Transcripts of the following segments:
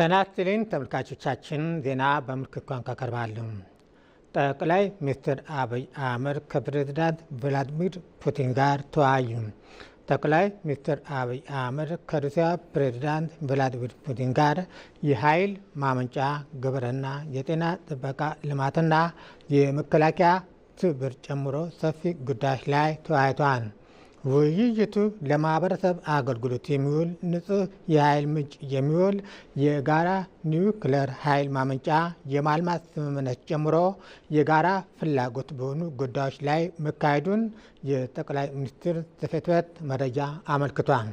ጤና ይስጥልኝ ተመልካቾቻችን፣ ዜና በምልክት ቋንቋ ቀርባሉ። ጠቅላይ ሚኒስትር አብይ አህመድ ከፕሬዝዳንት ቭላዲሚር ፑቲን ጋር ተወያዩ። ጠቅላይ ሚኒስትር አብይ አህመድ ከሩሲያ ፕሬዝዳንት ቭላዲሚር ፑቲን ጋር የኃይል ማመንጫ፣ ግብርና፣ የጤና ጥበቃ ልማትና የመከላከያ ትብብር ጨምሮ ሰፊ ጉዳዮች ላይ ተወያይተዋል። ውይይቱ ለማህበረሰብ አገልግሎት የሚውል ንጹህ የኃይል ምንጭ የሚውል የጋራ ኒውክለር ኃይል ማመንጫ የማልማት ስምምነት ጨምሮ የጋራ ፍላጎት በሆኑ ጉዳዮች ላይ መካሄዱን የጠቅላይ ሚኒስትር ጽሕፈት ቤት መረጃ አመልክቷል።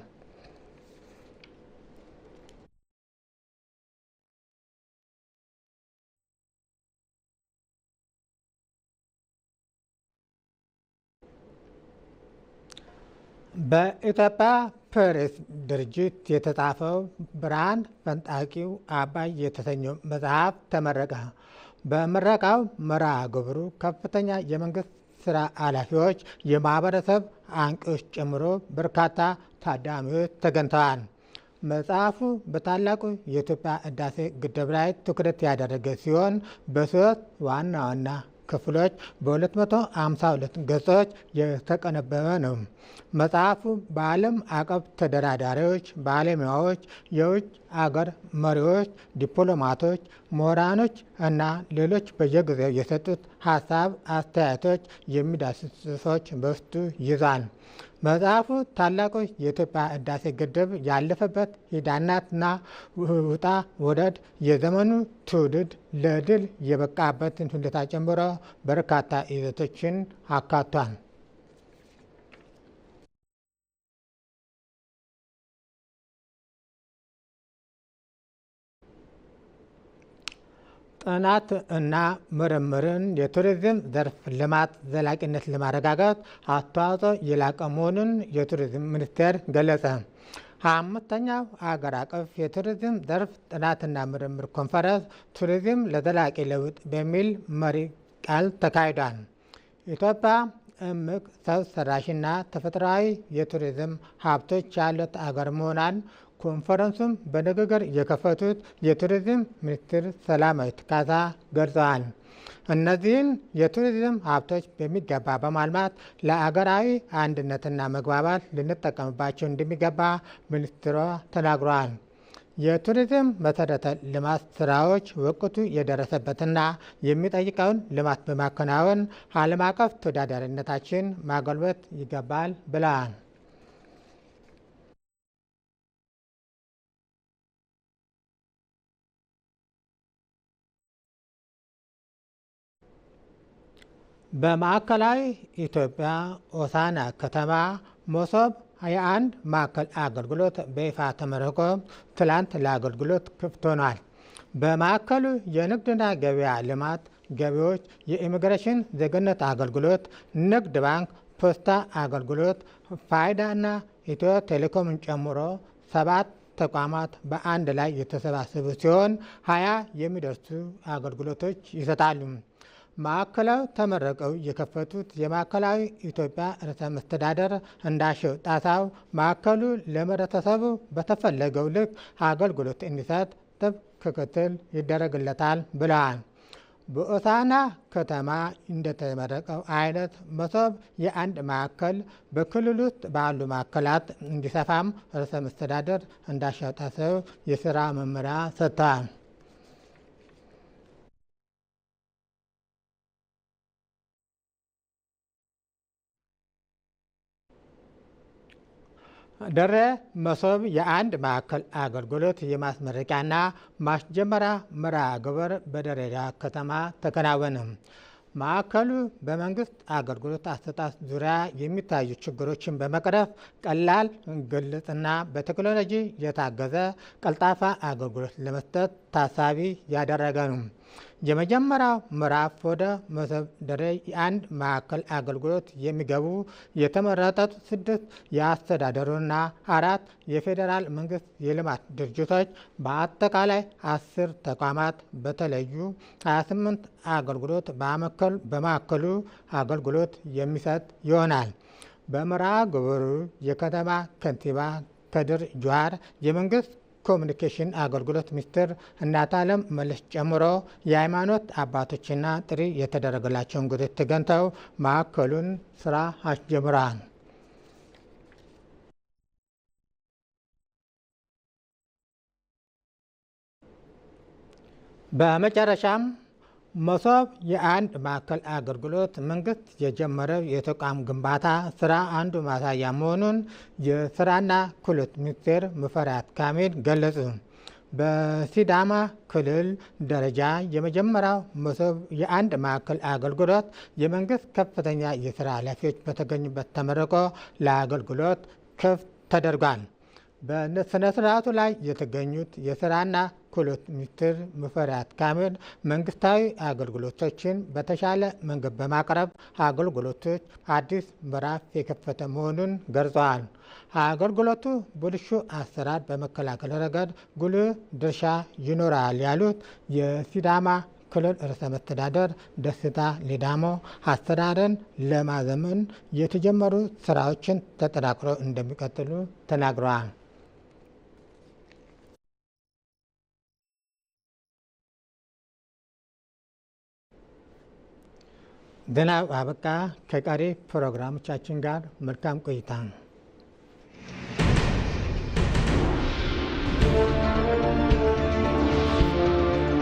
በኢትዮጵያ ፕሬስ ድርጅት የተጻፈው ብርሃን ፈንጣቂው አባይ የተሰኘው መጽሐፍ ተመረቀ። በምረቃው መርሃ ግብሩ ከፍተኛ የመንግስት ስራ ኃላፊዎች፣ የማህበረሰብ አንቂዎች ጨምሮ በርካታ ታዳሚዎች ተገኝተዋል። መጽሐፉ በታላቁ የኢትዮጵያ ህዳሴ ግድብ ላይ ትኩረት ያደረገ ሲሆን በሶስት ዋና ዋና ክፍሎች በ252 ገጾች የተቀነበበ ነው። መጽሐፉ በዓለም አቀፍ ተደራዳሪዎች፣ ባለሙያዎች፣ የውጭ አገር መሪዎች፣ ዲፕሎማቶች፣ ምሁራኖች እና ሌሎች በየጊዜው የሰጡት ሀሳብ አስተያየቶች የሚዳስሶች ጽሑፎች በውስጡ ይዟል። መጽሐፉ ታላቁ የኢትዮጵያ ህዳሴ ግድብ ያለፈበት ሂዳናትና ውጣ ወደድ የዘመኑ ትውልድ ለድል የበቃበትን ሁኔታ ጨምሮ በርካታ ይዘቶችን አካቷል። ጥናት እና ምርምርን የቱሪዝም ዘርፍ ልማት ዘላቂነት ለማረጋገጥ አስተዋጽኦ የላቀ መሆኑን የቱሪዝም ሚኒስቴር ገለጸ። አምስተኛው አገር አቀፍ የቱሪዝም ዘርፍ ጥናትና ምርምር ኮንፈረንስ ቱሪዝም ለዘላቂ ለውጥ በሚል መሪ ቃል ተካሂዷል። ኢትዮጵያ እምቅ ሰው ሰራሽና ተፈጥሯዊ የቱሪዝም ሀብቶች ያሉት አገር መሆኗን ኮንፈረንሱም በንግግር የከፈቱት የቱሪዝም ሚኒስትር ሰላማዊት ካሳ ገልጸዋል። እነዚህን የቱሪዝም ሀብቶች በሚገባ በማልማት ለአገራዊ አንድነትና መግባባት ልንጠቀምባቸው እንደሚገባ ሚኒስትሯ ተናግረዋል። የቱሪዝም መሰረተ ልማት ስራዎች ወቅቱ የደረሰበትና የሚጠይቀውን ልማት በማከናወን ዓለም አቀፍ ተወዳዳሪነታችን ማጎልበት ይገባል ብለዋል። በማዕከላዊ ኢትዮጵያ ኦሳና ከተማ መሶብ የአንድ ማዕከል አገልግሎት በይፋ ተመርቆ ትላንት ለአገልግሎት ክፍት ሆኗል። በማዕከሉ የንግድና ገበያ ልማት ገቢዎች፣ የኢሚግሬሽን ዜግነት አገልግሎት፣ ንግድ ባንክ፣ ፖስታ አገልግሎት፣ ፋይዳና ኢትዮ ቴሌኮምን ጨምሮ ሰባት ተቋማት በአንድ ላይ የተሰባሰቡ ሲሆን ሀያ የሚደርሱ አገልግሎቶች ይሰጣሉ። ማዕከላዊ ተመረቀው የከፈቱት የማዕከላዊ ኢትዮጵያ ርዕሰ መስተዳደር እንዳሸው ጣሳው ማዕከሉ ለህብረተሰቡ በተፈለገው ልክ አገልግሎት እንዲሰጥ ጥብቅ ክትትል ይደረግለታል ብለዋል። በኦሳና ከተማ እንደተመረቀው አይነት መሶብ የአንድ ማዕከል በክልል ውስጥ ባሉ ማዕከላት እንዲሰፋም ርዕሰ መስተዳደር እንዳሸው የስራ መመሪያ ሰጥተዋል። ደረ መሶብ የአንድ ማዕከል አገልግሎት የማስመረቂያና ማስጀመሪያ መርሃ ግብር በደሬዳዋ ከተማ ተከናወነ። ማዕከሉ በመንግስት አገልግሎት አሰጣጥ ዙሪያ የሚታዩ ችግሮችን በመቅረፍ ቀላል፣ ግልጽና በቴክኖሎጂ የታገዘ ቀልጣፋ አገልግሎት ለመስጠት ታሳቢ ያደረገ ነው። የመጀመሪያው ምዕራፍ ወደ መደበደሪያ የአንድ ማዕከል አገልግሎት የሚገቡ የተመረጡት ስድስት የአስተዳደሩና አራት የፌዴራል መንግስት የልማት ድርጅቶች በአጠቃላይ አስር ተቋማት በተለዩ 28 አገልግሎት በማዕከሉ አገልግሎት የሚሰጥ ይሆናል። በምዕራብ ግብሩ የከተማ ከንቲባ ከድር ጁሃር የመንግስት ኮሚኒኬሽን አገልግሎት ሚኒስትር እናታለም መልስ ጨምሮ የሃይማኖት አባቶችና ጥሪ የተደረገላቸውን ጉድት ገንተው ማዕከሉን ስራ አስጀምረዋል። በመጨረሻም መሶብ የአንድ ማዕከል አገልግሎት መንግስት የጀመረው የተቋም ግንባታ ስራ አንዱ ማሳያ መሆኑን የስራና ክህሎት ሚኒስቴር ሙፈሪያት ካሚል ገለጹ። በሲዳማ ክልል ደረጃ የመጀመሪያው መሶብ የአንድ ማዕከል አገልግሎት የመንግስት ከፍተኛ የስራ ኃላፊዎች በተገኙበት ተመርቆ ለአገልግሎት ክፍት ተደርጓል። በስነ ስርዓቱ ላይ የተገኙት የስራና ክህሎት ሚኒስትር ሙፈሪያት ካሚል መንግስታዊ አገልግሎቶችን በተሻለ መንገድ በማቅረብ አገልግሎቶች አዲስ ምዕራፍ የከፈተ መሆኑን ገልጸዋል። አገልግሎቱ ብልሹ አሰራር በመከላከል ረገድ ጉልህ ድርሻ ይኖራል ያሉት የሲዳማ ክልል ርዕሰ መስተዳደር ደስታ ሌዳሞ አሰራርን ለማዘመን የተጀመሩ ስራዎችን ተጠናክረው እንደሚቀጥሉ ተናግረዋል። ዝናብ አበቃ። ከቀሪ ፕሮግራሞቻችን ጋር መልካም ቆይታ